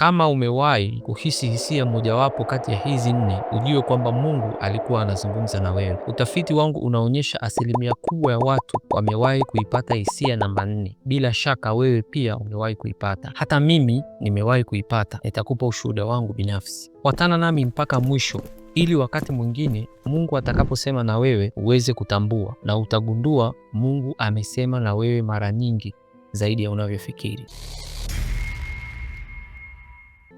Kama umewahi kuhisi hisia mojawapo kati ya hizi nne, ujue kwamba Mungu alikuwa anazungumza na wewe. Utafiti wangu unaonyesha asilimia kubwa ya watu wamewahi kuipata hisia namba nne. Bila shaka wewe pia umewahi kuipata, hata mimi nimewahi kuipata. Nitakupa ushuhuda wangu binafsi. watana nami mpaka mwisho ili wakati mwingine Mungu atakaposema na wewe uweze kutambua, na utagundua Mungu amesema na wewe mara nyingi zaidi ya unavyofikiri.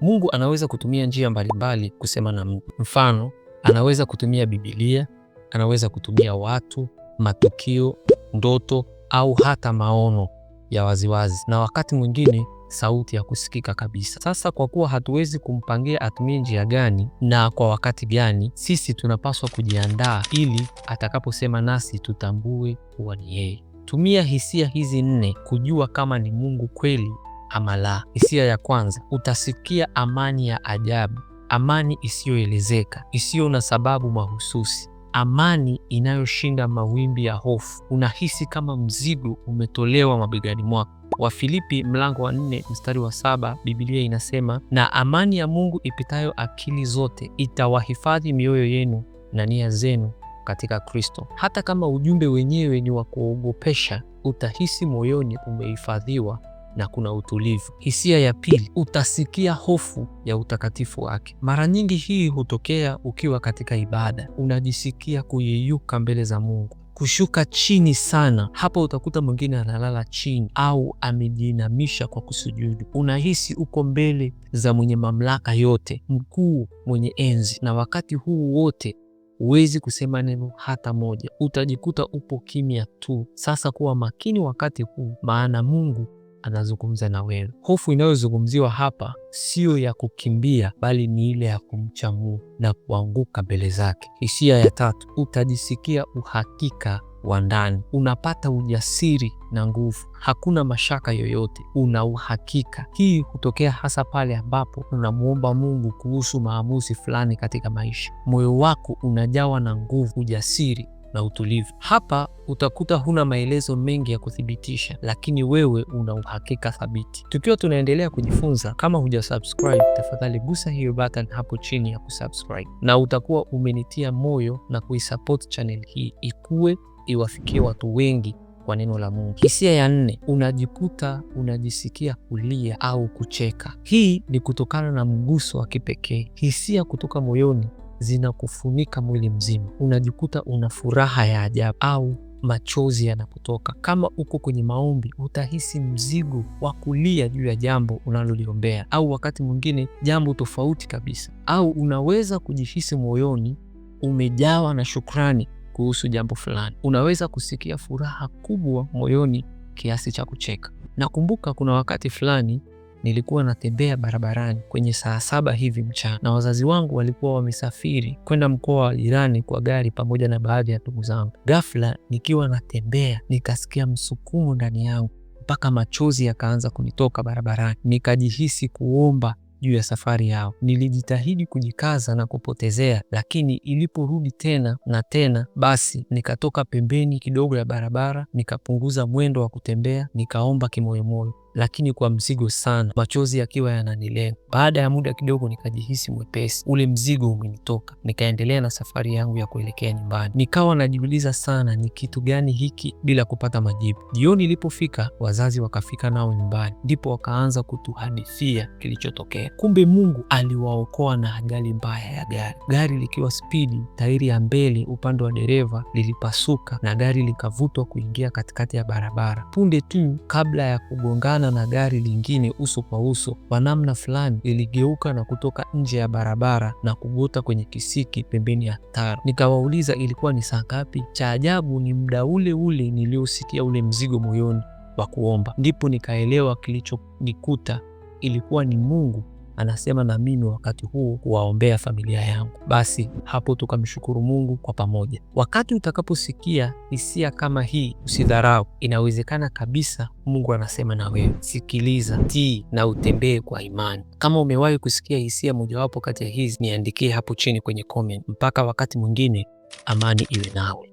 Mungu anaweza kutumia njia mbalimbali kusema na mtu. Mfano, anaweza kutumia bibilia anaweza kutumia watu, matukio, ndoto au hata maono ya waziwazi na wakati mwingine sauti ya kusikika kabisa. Sasa kwa kuwa hatuwezi kumpangia atumie njia gani na kwa wakati gani, sisi tunapaswa kujiandaa ili atakaposema nasi tutambue kuwa ni yeye. Tumia hisia hizi nne kujua kama ni Mungu kweli amala Hisia ya kwanza, utasikia amani ya ajabu, amani isiyoelezeka, isiyo na sababu mahususi amani inayoshinda mawimbi ya hofu. Unahisi kama mzigo umetolewa mabegani mwako. Wafilipi mlango wa nne mstari wa saba Biblia inasema, na amani ya Mungu ipitayo akili zote itawahifadhi mioyo yenu na nia zenu katika Kristo. Hata kama ujumbe wenyewe ni wa kuogopesha, utahisi moyoni umehifadhiwa na kuna utulivu. Hisia ya pili, utasikia hofu ya utakatifu wake. Mara nyingi hii hutokea ukiwa katika ibada, unajisikia kuyeyuka mbele za Mungu kushuka chini sana. Hapa utakuta mwingine analala chini au amejiinamisha kwa kusujudu. Unahisi uko mbele za mwenye mamlaka yote, mkuu mwenye enzi, na wakati huu wote huwezi kusema neno hata moja, utajikuta upo kimya tu. Sasa kuwa makini wakati huu, maana Mungu anazungumza na wewe. Hofu inayozungumziwa hapa siyo ya kukimbia, bali ni ile ya kumcha Mungu na kuanguka mbele zake. Hisia ya tatu, utajisikia uhakika wa ndani. Unapata ujasiri na nguvu, hakuna mashaka yoyote, una uhakika. Hii hutokea hasa pale ambapo unamwomba Mungu kuhusu maamuzi fulani katika maisha. Moyo wako unajawa na nguvu, ujasiri na utulivu. Hapa utakuta huna maelezo mengi ya kuthibitisha, lakini wewe una uhakika thabiti. Tukiwa tunaendelea kujifunza, kama huja subscribe, tafadhali gusa hiyo button hapo chini ya kusubscribe, na utakuwa umenitia moyo na kuisupport channel hii ikue, iwafikie watu wengi kwa neno la Mungu. Hisia ya nne, unajikuta unajisikia kulia au kucheka. Hii ni kutokana na mguso wa kipekee, hisia kutoka moyoni zinakufunika mwili mzima, unajikuta una furaha ya ajabu au machozi yanakutoka. Kama uko kwenye maombi, utahisi mzigo wa kulia juu ya jambo unaloliombea, au wakati mwingine jambo tofauti kabisa, au unaweza kujihisi moyoni umejawa na shukrani kuhusu jambo fulani. Unaweza kusikia furaha kubwa moyoni kiasi cha kucheka. Nakumbuka kuna wakati fulani nilikuwa natembea barabarani kwenye saa saba hivi mchana, na wazazi wangu walikuwa wamesafiri kwenda mkoa wa jirani kwa gari pamoja na baadhi ya ndugu zangu. Ghafla nikiwa natembea, nikasikia msukumo ndani yangu mpaka machozi yakaanza kunitoka barabarani, nikajihisi kuomba juu ya safari yao. Nilijitahidi kujikaza na kupotezea, lakini iliporudi tena na tena, basi nikatoka pembeni kidogo ya barabara, nikapunguza mwendo wa kutembea, nikaomba kimoyomoyo, lakini kwa mzigo sana, machozi yakiwa yananilenga. Baada ya muda kidogo, nikajihisi mwepesi, ule mzigo umenitoka, nikaendelea na safari yangu ya kuelekea nyumbani. Nikawa najiuliza sana, ni kitu gani hiki, bila kupata majibu. Jioni ilipofika, wazazi wakafika nao nyumbani, ndipo wakaanza kutuhadithia kilichotokea. Kumbe Mungu aliwaokoa na ajali mbaya ya gari, gari likiwa spidi, tairi ya mbele upande wa dereva lilipasuka na gari likavutwa kuingia katikati ya barabara. Punde tu kabla ya kugongana kugongana na gari lingine uso kwa uso, kwa namna fulani liligeuka na kutoka nje ya barabara na kugota kwenye kisiki pembeni ya tar. Nikawauliza ilikuwa ni saa ngapi. Cha ajabu ni muda ule ule niliosikia ule mzigo moyoni wa kuomba, ndipo nikaelewa kilichonikuta ilikuwa ni Mungu anasema na mimi wakati huu kuwaombea familia yangu. Basi hapo tukamshukuru Mungu kwa pamoja. Wakati utakaposikia hisia kama hii, usidharau. Inawezekana kabisa Mungu anasema na wewe. Sikiliza, tii na utembee kwa imani. Kama umewahi kusikia hisia mojawapo kati ya hizi, niandikie hapo chini kwenye comment. Mpaka wakati mwingine, amani iwe nawe.